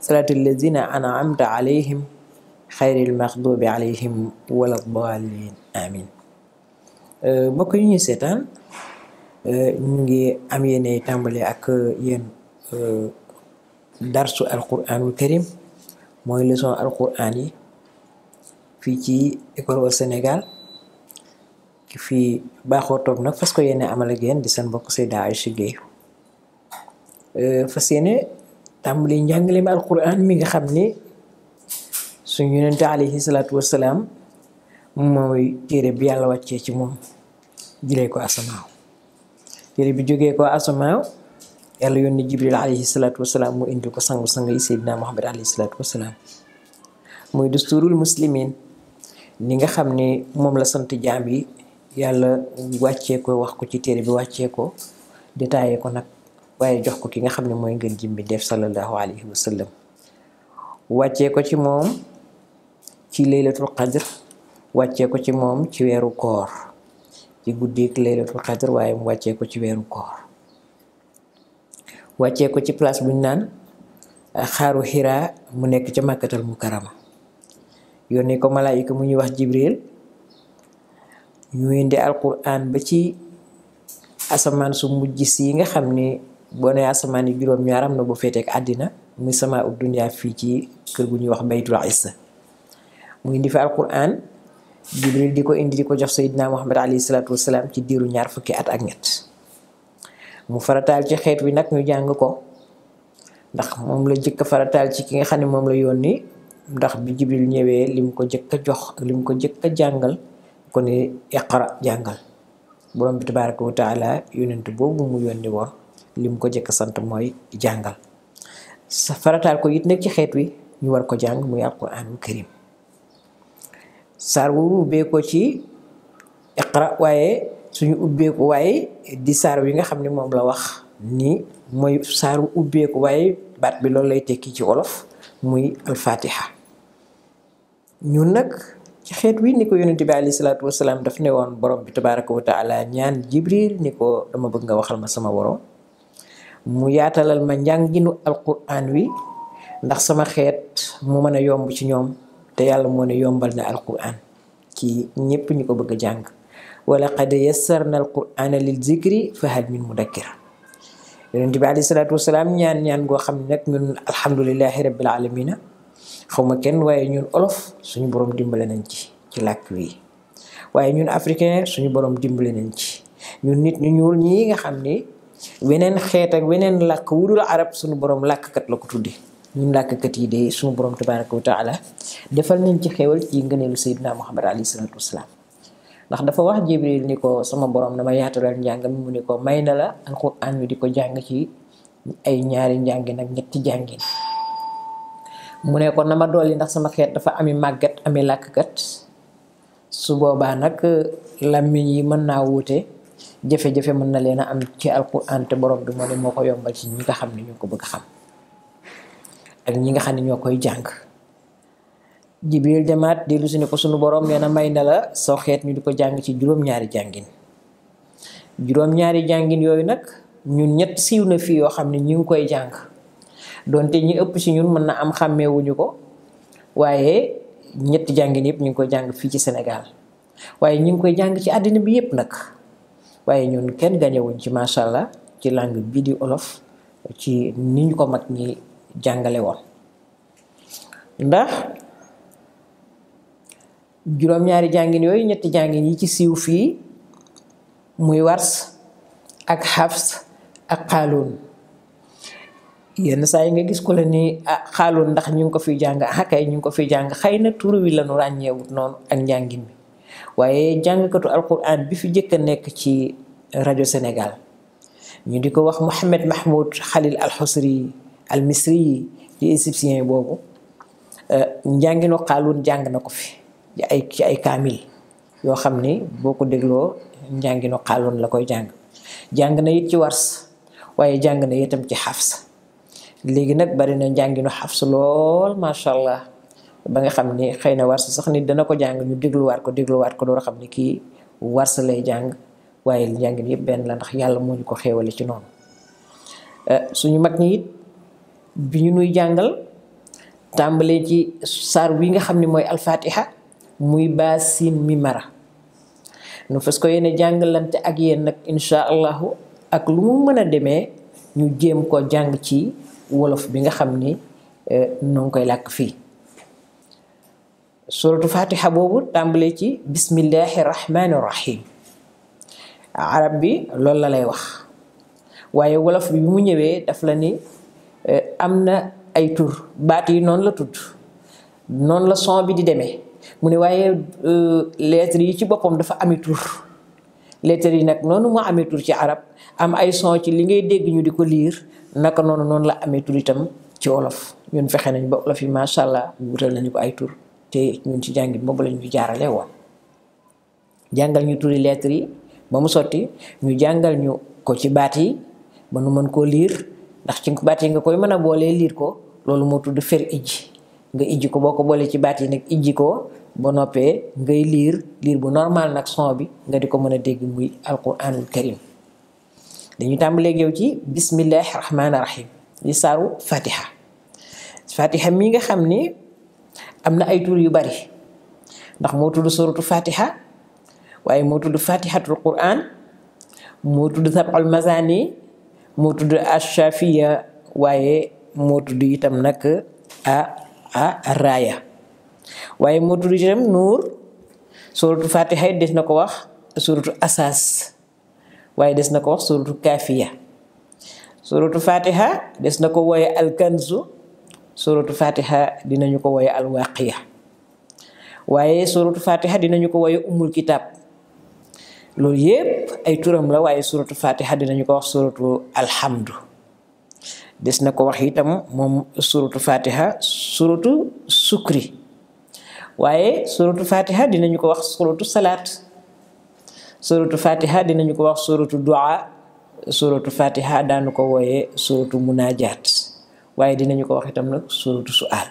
صراط الذين أنعمت عليهم خير المغضوب عليهم ولا الضالين آمين بوك ني سيتان نغي ام يني تامبلي اك ين درس القران الكريم موي ليسون القران في تي ايكول السنغال في باخو توك نك فاسكو يني امالا ген دي سن بوك سيدا عائشه جي فاسيني tambali al qur'an mi nga xamni ne suñu yonente alayhi salaatu wasalaam mooy téere bi yalla wacce ci mom jile ko asmaaw tere bi joge ko asmaaw yalla yónni jibril alayhi salatu wassalam mu indi ko sangu sang yi muhammad alayhi salatu wassalam moy dusturul muslimin ni nga xamni mom la sante jambi yalla wacce ko wax ko ci tere bi wacce ko détaillé ko nak waaye jox ko ki nga xam ne mooy ngën jimbi def sallallahu alayhi wa sallam wàccee ko ci moom ci laylatul qadr wàccee ko ci moom ci weeru koor ci guddik laylatul qadr waaye mu ko ci weeru koor wàccee ci place buñ naan eh, xaaru xira mu nekk ca màkkatal mukarama yónnee ko malaayika mu ñuy wax jibril ñu indi alquran ba ci asamaan su mujj si yi nga xam ne bone asamaan yi juróom ñaar am na bu féeteeg àddina muy sama ak dunya fi ci keur gu ñuy wax baytul isa muy indi fi alquran jibril diko ko indi diko jox sayyidina muhammad sallallahu alaihi wasallam ci diiru ñaar fukki at ak ñet mu faratal ci xet wi nak ñu jang ko ndax mom la jëkk faratal ci ki nga xam mom la yoni ndax bi jibril ñewé lim ko jëkk a jox lim ko jëkk a ko ni iqra jangal borom bi tabaaraku taala yonent bobu mu yoni woon lim ko jëkk sant mooy jàngal sa farataal ko it nekk ci xeet wi ñu war ko jàng muy alquraanul karim saar wu ubbeekoo ci iqra waaye suñu ubbeeku waaye di saar wi nga xam ne moom la wax ni mooy saar wu ubbeeku waaye baat bi loolu lay tekki ci wolof muy alfatiha ñun nag ci xeet wi ni ko yonente bi alayhi salaatu wasalaam daf ne woon borom bi tabaraka wa ñaan jibril ni ko dama bëgg nga waxal ma sama borom mu yaatalal ma njànginu alquran wi ndax sama xeet mu mën a yomb ci ñoom te yàlla moo ne yombal na alquran ci ñépp ñu ko bëgg a jàng wala qad yassarna alqurana lil zikri fa hal min mudakkir yonent bi alayhi salaatu wasalaam ñaan ñaan goo xam ne nag ñun alhamdulilahi rabbil alamina xaw ma kenn waaye ñun olof suñu borom dimbale nañ ci ci làkk wi waaye ñun africain suñu borom dimbale nañ ci ñun nit ñuul ñi nga xam ni wenen xet ak wenen lak wudul arab sunu borom kat lako tuddi ñu lak kat yi de sunu borom tabaaraku taala defal nañ ci xewal ci ngeenelu muhammad sallallahu alaihi wasallam ndax dafa wax jibril niko sama borom dama yaatalal njàng mu niko mayna la alquran mi diko jang ci ay ñaari njàngin ak ñetti jàngin mu ne ko nama doli ndax sama xet dafa ami màggat ami kat su boba nak lammiñ yi mëna wuté jafe-jafe mën na leen am ci alquran te borom du mo ne moo yombal ci ñi nga xam ne ñoo ko bëgg xam ak ñi nga xam ne ñoo jibril jamaat dellu si ko sunu borom nee na may na la so xeet ñu diko jang ci juroom ñaari jangin juroom ñaari jangin yooyu nak ñun ñet siiw na fii yoo xam ne ñu ngi koy jàng donte ñi ëpp ci ñun mën na am xàmmeewuñu ko waaye ñet jangin yëpp ñi ngi koy jàng fi ci Sénégal waaye ñu ngi koy jang ci adina bi yëpp nak waaye ñun kenn gañewuñ ci macha allah ci langue bi di olof ci niñ ko mag ñi jàngale woon ndax juróom ñaari jàngin yooyu ñetti jàngin yi ci siiw fii muy wars ak hafs ak xaaluun yenn saa yi nga gis ko la ni ah, xaaluun ndax ñu ngi ko fiy jàng ah kay ñu ngi ko fiy jàng xëy na wi lanu ràññeewut noonu ak njàngin waaye jàngkatu alquran bi fi njëkk a nekk ci rajo Sénégal ñu di ko wax Mouhamed Mahmoud Khalil al-Husri al-Misri di égyptien boobu euh, njàngino xaaluun jàng na ko fi ci ay kaamil yoo xam ni boo ko dégloo njàngino xaaluun la koy jàng jàng na it ci wars waaye jàng na itam ci xafs léegi nag bari na njàngino xafs lool macha allah. ba nga xam ne xëy warsa sax nit dana ko jàng ñu war ko war ko door xam ki kii warsa lay jàng waaye njàngin yëpp benn la ndax yàlla moo ñu ko xéewale ci noonu eh, suñu mag ñi it bi ñu nuy jàngal tàmbalee ci saar wi nga xam ne mooy alfatiha muy basin mi mara nu fas ko yéene jàngalante ak yéen nag insha allahu ak lu mu mën a ñu jéem ko jàng ci wolof bi nga xam ni eh, noo ngi koy làkk fii suratu fatiha boobu tàmbale ci bismillahi rahmani a arab bi loolu la lay wax waaye wolof bi mu ñëwee daf la ni euh, am na ay tur baat yi noonu la tudd noonu la son bi di demee mu ne waaye euh, lettres yi ci boppam dafa ami tur yi nag noonu moo amee ci arab am ay son ci li ngay dégg ñu di ko liir naka noonu noonu la amee tur itam ci wolof ñun fexe nañ ba wolof yi macha allah wutal nañu ko ay tur te ñun ci jàngit boobu lañu jaarale woon jàngal ñu turi lettre yi ba mu sotti ñu jàngal ñu ko ci baat yi ba nu mën koo liir ndax ci baat yi nga koy mën a boolee liir ko loolu moo tudd fer ijji nga ijji ko boo ko boolee ci baat yi nag ijji ko ba noppee ngay liir liir bu normal nag son bi nga di ko mën a dégg muy alquranul karim dañu tàmbalee yow ci bismillahi rahmaani rahim li saaru fatiha fatiha mi nga xam ni am na ay tur yu bari ndax moo tudd suratu fatiha waaye moo tudd fatihatul quran moo tudd sab'ul masani moo tudd ashafiya waaye moo tudd itam nag a a waaye moo tudd itam nuur suratu fatiha it des na ko wax suratu asas waaye des na ko wax suratu kafiya suratu fatiha des na ko wooye alkanzu suratul Fatihah dinañu ko waye al waqiya waye suratul fatiha dinañu ko waye umul kitab lol yeb ay turam la waye suratul fatiha dinañu ko wax suratul alhamdu des na ko wax itam mom suratul fatiha suratul sukri waye suratul fatiha dinañu ko wax suratul salat suratul fatiha dinañu ko wax suratul dua suratul fatiha dan ko waye suratul munajat waaye dinañu ko wax itam nag suratu su aal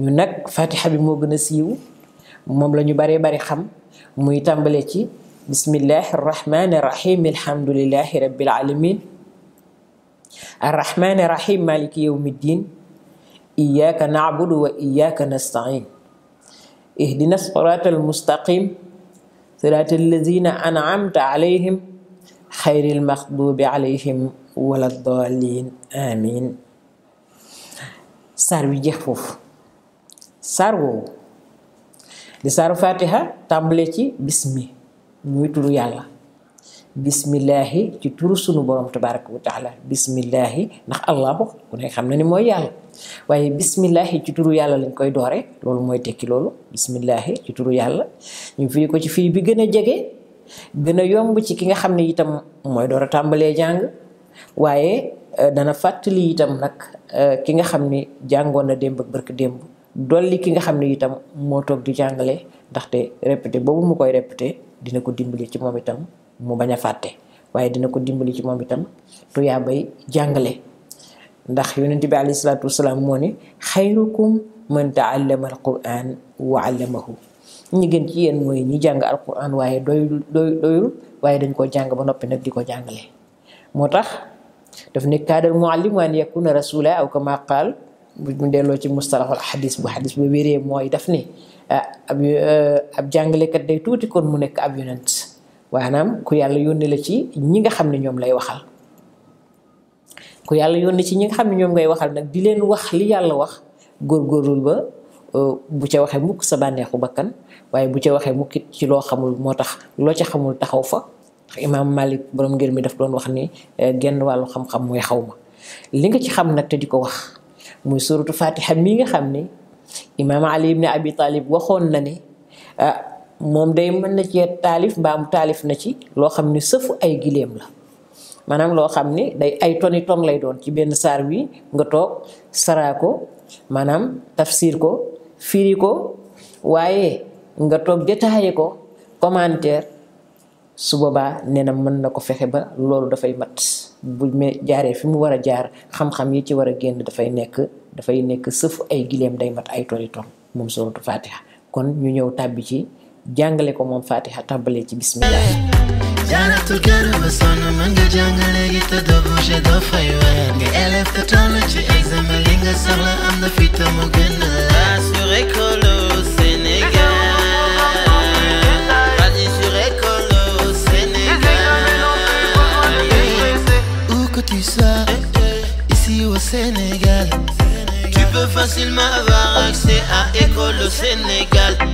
ñu nag fatiha bi moo gën a siiw moom la ñu baree bari xam muy tàmbale ci bismillahi arrahmani rahim alhamdulillahi rabbil alamin arrahmani rahim maliki yawmi ddin iyyaka na'budu wa iyyaka nasta'in ihdina sirata almustaqim sirata alladhina an'amta alayhim xayri almaxdubi alayhim wala ddalin amin saar wi jeex foofu saar woowu di saaru fatiha tàmbalee ci bismi muy turu yàlla bismillahi ci turu sunu borom tabaraka wa taala bismillahi ndax allahu ku ne xam na ni mooy yàlla waaye bismillahi ci turu yàlla lañ koy doore loolu mooy tekki loolu bismillahi ci turu yàlla ñu firi ko ci firi bi gën a jege gën a yomb ci ki nga xam ne itam mooy door a tàmbalee jàng waaye Euh, dana fàttali itam nag euh, ki nga xam ni jàngoon na démb ak barki démb dolli ki nga xam ne itam moo toog di jàngale ndaxte répété boobu mu koy répété dina ko dimbali ci moom itam mu bañ a fàtte waaye dina ko dimbali ci moom itam tuyaabay jàngale ndax yonent bi alayhi salaatu wasalaam moo ne xayrukum man taallama alquran wa allamahu ñi gën ci yéen mooy ñi jàng alquran waaye doyul doyul waaye dañ koo jàng ba noppi nag di ko jàngale moo tax daf ne kaadal muallim waan yakuna rasula aw kama qaal bu delloo ci mustalahul xadis bu xadis ba wéree mooy daf ne ah, ab eh, ab jàngalekat day tuuti kon mu nekk ab yonent waanaam ku yàlla yónni la ci ñi nga xam ne ñoom lay waxal ku yàlla yónni ci ñi xam ne ñoom ngay waxal nag di leen wax li yàlla wax góorgóorlul ba eh, bu ca waxee mukk sa bànneexu bakkan waaye bu ca waxee mukk ci loo xamul moo tax loo ca xamul taxaw fa ndax imaam Malik borom ngir mi daf doon wax ni eh, genn wàllu xam-xam mooy xaw ma li nga ci xam nag te di ko wax muy suratu fatiha mii nga xam ni imaam Ali ibn Abi Talib waxoon na ne ah, moom day mën na cee taalif mbaam taalif na ci loo xam ni sëfu ay gileem la maanaam loo xam ni day ay toni ton lay doon ci benn saar wi nga toog saraako ko maanaam tafsir ko firi ko waaye nga toog jataaye ko commentaire su boobaa nee na mën na ko fexe ba loolu dafay mat bu me jaaree fi mu war a jaar xam-xam yi ci war a génn dafay nekk dafay nekk sëfu ay gileem day mat ay toni moom suratu fatiha kon ñu ñëw tàbbi ci jàngale ko moom fatiha tàmbalee ci bismillah jaaratul kër ba sonn mën nga jàngale gi te doo doo fay weer nga élève te toll ci examen li nga soxla am na fi te mu s'il m'avait accès à école au Sénégal